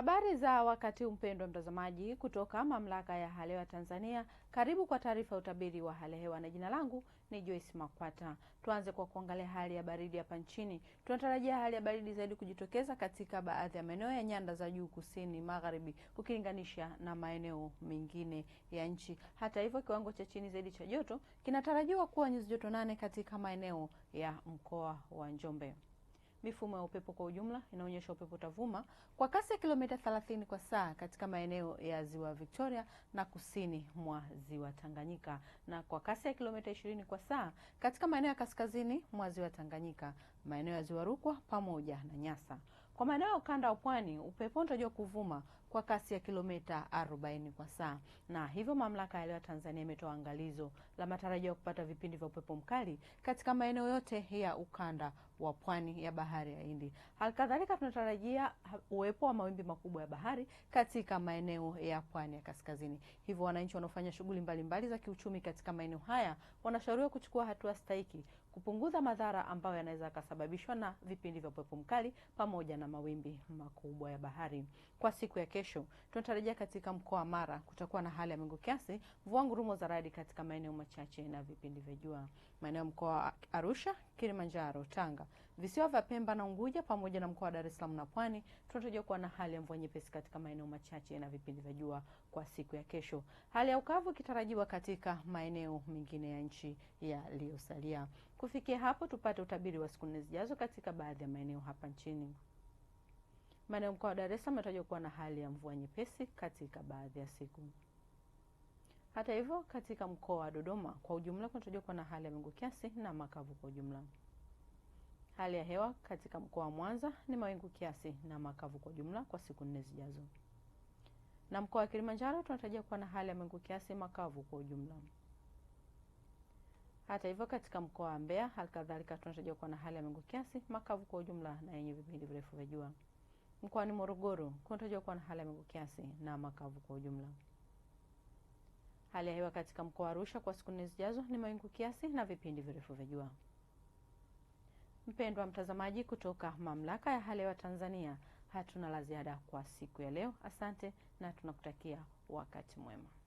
Habari za wakati mpendwa mtazamaji, kutoka mamlaka ya hali hewa Tanzania, karibu kwa taarifa ya utabiri wa hali hewa, na jina langu ni Joyce Makwata. Tuanze kwa kuangalia hali ya baridi hapa nchini. Tunatarajia hali ya baridi zaidi kujitokeza katika baadhi ya maeneo ya nyanda za juu kusini magharibi ukilinganisha na maeneo mengine ya nchi. Hata hivyo, kiwango cha chini zaidi cha joto kinatarajiwa kuwa nyuzi joto nane katika maeneo ya mkoa wa Njombe. Mifumo ya upepo kwa ujumla inaonyesha upepo utavuma kwa kasi ya kilomita 30 kwa saa katika maeneo ya ziwa Victoria na kusini mwa ziwa Tanganyika na kwa kasi ya kilomita 20 kwa saa katika maeneo ya kaskazini mwa ziwa Tanganyika, maeneo ya ziwa Rukwa pamoja na Nyasa. Kwa maeneo ya ukanda wa pwani, upepo unatarajiwa kuvuma kwa kasi ya kilomita 40 kwa saa. Na hivyo mamlaka ya hewa Tanzania imetoa angalizo la matarajio ya kupata vipindi vya upepo mkali katika maeneo yote ya ukanda wa pwani ya bahari ya Hindi. Halikadhalika tunatarajia uwepo wa mawimbi makubwa ya bahari katika maeneo ya pwani ya kaskazini. Hivyo wananchi wanaofanya shughuli mbalimbali za kiuchumi katika maeneo haya wanashauriwa kuchukua hatua stahiki kupunguza madhara ambayo yanaweza yakasababishwa na vipindi vya upepo mkali pamoja na mawimbi makubwa ya bahari. Kwa siku ya kesho kesho tunatarajia katika mkoa wa Mara kutakuwa na hali ya mawingu kiasi, mvua ngurumo za radi katika maeneo machache na vipindi vya jua. Maeneo ya mkoa wa Arusha, Kilimanjaro, Tanga, visiwa vya Pemba na Unguja pamoja na mkoa wa Dar es Salaam na Pwani tunatarajia kuwa na hali ya mvua nyepesi katika maeneo machache na vipindi vya jua kwa siku ya kesho. Hali ya ukavu ikitarajiwa katika maeneo mengine ya nchi yaliyosalia. Kufikia hapo, tupate utabiri wa siku nne zijazo katika baadhi ya maeneo hapa nchini. Maeneo mkoa wa Dar es Salaam yatajwa kuwa na hali ya mvua nyepesi katika baadhi ya siku. Hata hivyo, katika mkoa wa Dodoma kwa ujumla kunatajwa kuwa na hali ya mawingu kiasi na makavu kwa ujumla. Hali ya hewa katika mkoa wa Mwanza ni mawingu kiasi na makavu kwa ujumla kwa siku nne zijazo. Na mkoa wa Kilimanjaro tunatarajia kuwa na hali ya mawingu kiasi makavu kwa ujumla. Hata hivyo, katika mkoa wa Mbeya halikadhalika tunatarajia kuwa na hali ya mawingu kiasi makavu kwa ujumla na yenye vipindi virefu vya jua mkoani Morogoro kunatajwa kuwa na hali ya mawingu kiasi na makavu kwa ujumla. Hali ya hewa katika mkoa wa Arusha kwa siku nne zijazo ni mawingu kiasi na vipindi virefu vya jua. Mpendwa mtazamaji, kutoka mamlaka ya hali ya hewa Tanzania hatuna la ziada kwa siku ya leo. Asante na tunakutakia wakati mwema.